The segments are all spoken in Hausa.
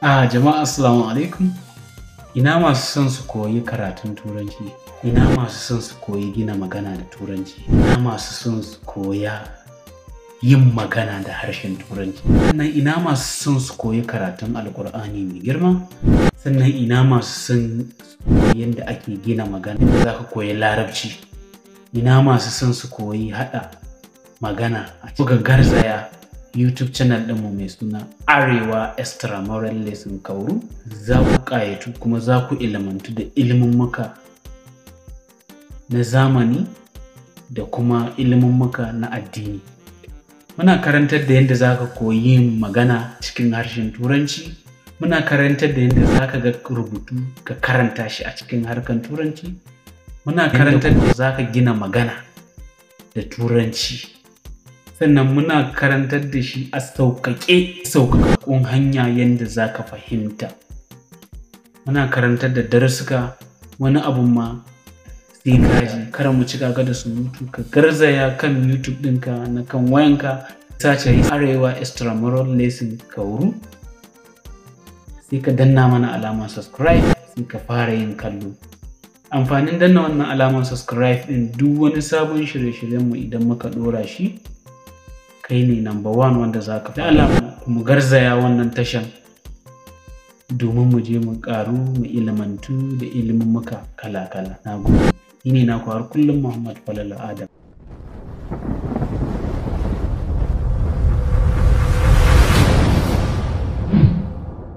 A ah, jama'a assalamu alaikum. Ina masu son su koyi karatun turanci, ina masu son su koyi gina magana da turanci, ina masu son su koya yin magana da harshen turanci. Sannan ina masu son su koyi karatun alkur'ani mai girma, sannan ina masu son su koyi yadda ake gina magana da za ka koyi larabci. Ina masu son su koyi haɗa magana a cikin garzaya YouTube channel mu mai suna Arewa extra moral Lesson Kauru za ku ƙayatu kuma za ku ilmantu da ilmummuka na zamani da kuma ilmummuka na addini. Muna karantar da yadda za ka koyi magana cikin harshen Turanci, muna karantar da yadda za ka ga rubutu ka karanta shi a cikin harkar Turanci, muna karantar da za ka gina magana da Turanci. sannan muna karantar da shi a sauƙaƙe sauƙaƙaƙun hanya yadda za ka fahimta muna karantar da darsuka wani abun ma sai kaji kar mu ci gaga da mutu ka garzaya kan youtube ɗinka na kan wayanka sace yi arewa extramural lesson wuru sai ka danna mana alama subscribe sai ka fara yin kallo amfanin danna wannan alamar subscribe ɗin duk wani sabon shirye-shiryenmu idan muka ɗora shi kai ne number one wanda za ka Allah kuma garzaya wannan tashan domin mu je mu karu mu ilimantu da ilimin muka kala-kala na gudu yi ne na kwar kullum muhammad falala adam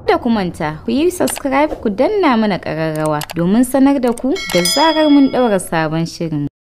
da ku manta ku yi subscribe ku danna mana ƙararrawa domin sanar da ku da zarar mun ɗaura sabon shirin.